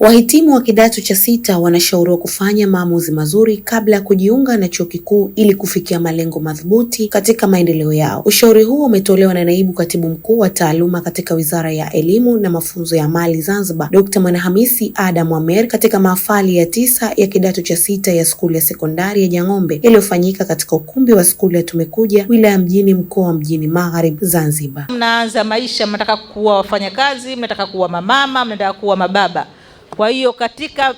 Wahitimu wa kidato cha sita wanashauriwa kufanya maamuzi mazuri kabla ya kujiunga na chuo kikuu ili kufikia malengo madhubuti katika maendeleo yao. Ushauri huo umetolewa na naibu katibu mkuu wa taaluma katika Wizara ya Elimu na Mafunzo ya Amali Zanzibar, Dr. Mwanahamisi Adam Amer katika mahafali ya tisa ya kidato cha sita ya skuli ya sekondari ya Jang'ombe iliyofanyika katika ukumbi wa skuli ya Tumekuja, wilaya Mjini, mkoa wa Mjini Magharibi, Zanzibar. Mnaanza maisha, mnataka kuwa wafanyakazi, mnataka kuwa mamama, mnataka kuwa mababa kwa hiyo katika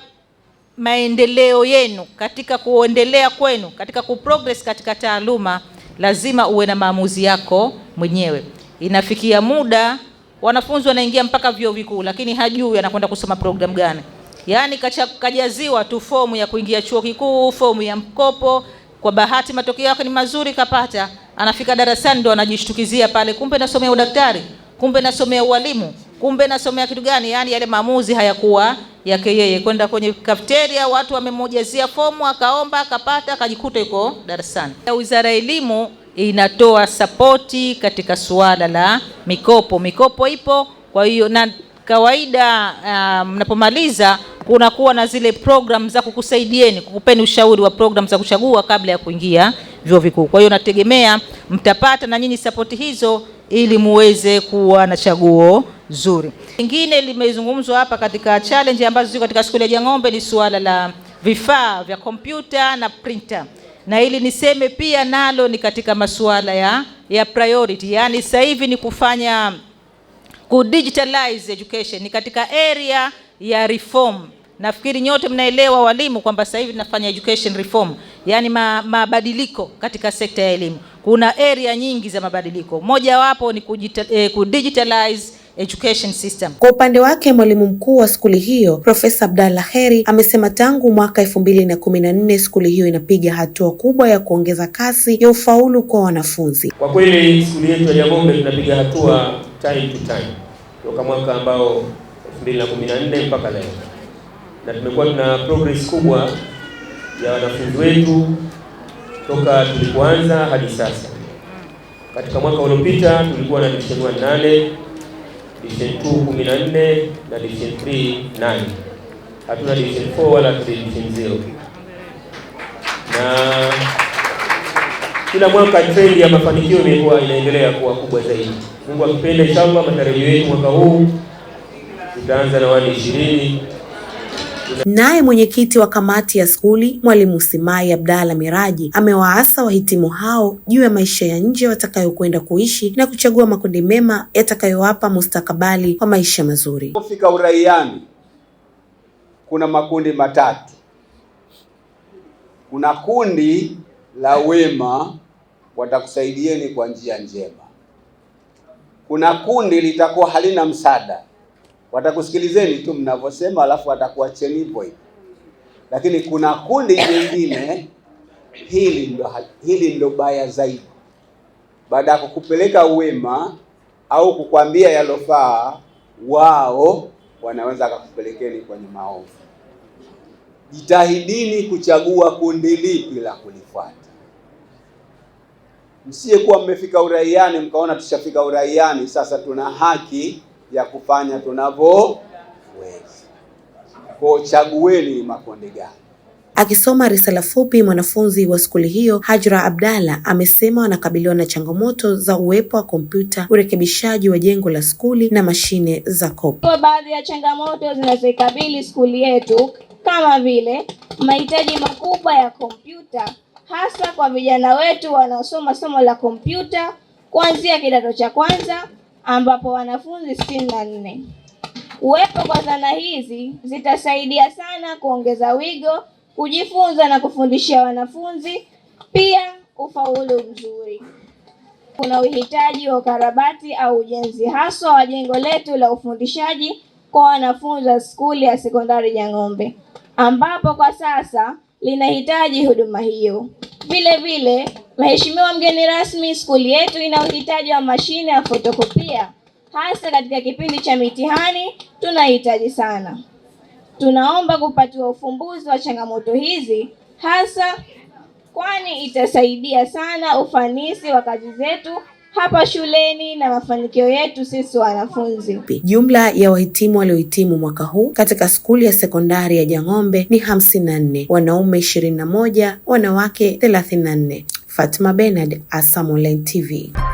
maendeleo yenu, katika kuendelea kwenu, katika kuprogress katika taaluma, lazima uwe na maamuzi yako mwenyewe. Inafikia muda wanafunzi wanaingia mpaka vyuo vikuu, lakini hajui anakwenda kusoma program gani. Yaani kajaziwa tu fomu ya kuingia chuo kikuu, fomu ya mkopo, kwa bahati matokeo yake ni mazuri kapata, anafika darasani ndo anajishtukizia pale, kumbe nasomea udaktari, kumbe nasomea ualimu. Kumbe nasomea kitu gani? Yaani yale maamuzi hayakuwa yake yeye, kwenda kwenye kafeteria, watu wamemujazia fomu, akaomba, akapata, akajikuta yuko darasani. Wizara ya Elimu inatoa sapoti katika suala la mikopo. Mikopo ipo, kwa hiyo na kawaida um, mnapomaliza um, kunakuwa na zile program za kukusaidieni kukupeni ushauri wa program za kuchagua kabla ya kuingia vyuo vikuu. Kwa hiyo nategemea mtapata na nyinyi sapoti hizo ili muweze kuwa na chaguo zuri. Lingine limezungumzwa hapa katika challenge ambazo ziko katika skuli ya Jang'ombe ni suala la vifaa vya kompyuta na printer, na ili niseme pia nalo ni katika masuala ya, ya priority, yaani sasa hivi ni kufanya ku digitalize education ni katika area ya reform. Nafikiri nyote mnaelewa walimu, kwamba sasa hivi tunafanya education reform, yaani mabadiliko katika sekta ya elimu kuna area nyingi za mabadiliko, mojawapo ni eh, kudigitalize education system. Kwa upande wake mwalimu mkuu wa skuli hiyo Profesa Abdalla Heri amesema tangu mwaka elfu mbili na kumi na nne skuli hiyo inapiga hatua kubwa ya kuongeza kasi ya ufaulu kwa wanafunzi. Kwa kweli skuli yetu ya Jangombe inapiga hatua time to time toka mwaka ambao 2014 mpaka leo, na tumekuwa tuna progress kubwa ya wanafunzi wetu toka tulipoanza hadi sasa. Katika mwaka uliopita tulikuwa na division 1 nane, division 2 14 na division 3 nane. Hatuna division 4 wala division 0. Na kila mwaka trend ya mafanikio imekuwa inaendelea kuwa kubwa zaidi. Mungu akipenda, inshallah matarajio yetu mwaka huu tutaanza na wadi Naye mwenyekiti wa kamati ya skuli mwalimu Simai Abdalla Miraji amewaasa wahitimu hao juu ya maisha ya nje watakayokwenda kuishi na kuchagua makundi mema yatakayowapa mustakabali wa maisha mazuri. Kufika uraiani kuna makundi matatu. Kuna kundi la wema, watakusaidieni kwa njia njema. Kuna kundi litakuwa halina msaada watakusikilizeni tu mnavyosema, alafu watakuacheni hivyo hivyo. Lakini kuna kundi jingine, hili ndo hili ndo baya zaidi. Baada ya kukupeleka uwema au kukwambia yalofaa, wao wanaweza akakupelekeni kwenye maovu. Jitahidini kuchagua kundi lipi la kulifuata. kuwa mmefika uraiani mkaona tushafika uraiani, sasa tuna haki ya kufanya tunavyoweza. Kwa chagueni makonde gani. Akisoma risala fupi, mwanafunzi wa skuli hiyo Hajra Abdalla amesema wanakabiliwa na changamoto za uwepo wa kompyuta, urekebishaji wa jengo la skuli na mashine za kopi. Baadhi ya changamoto zinazoikabili skuli yetu kama vile mahitaji makubwa ya kompyuta hasa kwa vijana wetu wanaosoma somo la kompyuta kuanzia kidato cha kwanza ambapo wanafunzi sitini na nne. Uwepo kwa zana hizi zitasaidia sana kuongeza wigo, kujifunza na kufundishia wanafunzi, pia ufaulu mzuri. Kuna uhitaji wa ukarabati au ujenzi haswa wa jengo letu la ufundishaji kwa wanafunzi wa skuli ya sekondari ng'ombe ambapo kwa sasa linahitaji huduma hiyo. Vile vile Mheshimiwa mgeni rasmi, skuli yetu ina uhitaji wa mashine ya fotokopia, hasa katika kipindi cha mitihani tunahitaji sana. Tunaomba kupatiwa ufumbuzi wa changamoto hizi hasa, kwani itasaidia sana ufanisi wa kazi zetu hapa shuleni na mafanikio yetu sisi wanafunzi. Jumla ya wahitimu waliohitimu mwaka huu katika skuli ya sekondari ya Jang'ombe ni 54, wanaume 21, wanawake 34. Fatma Bernard, ASAM Online TV.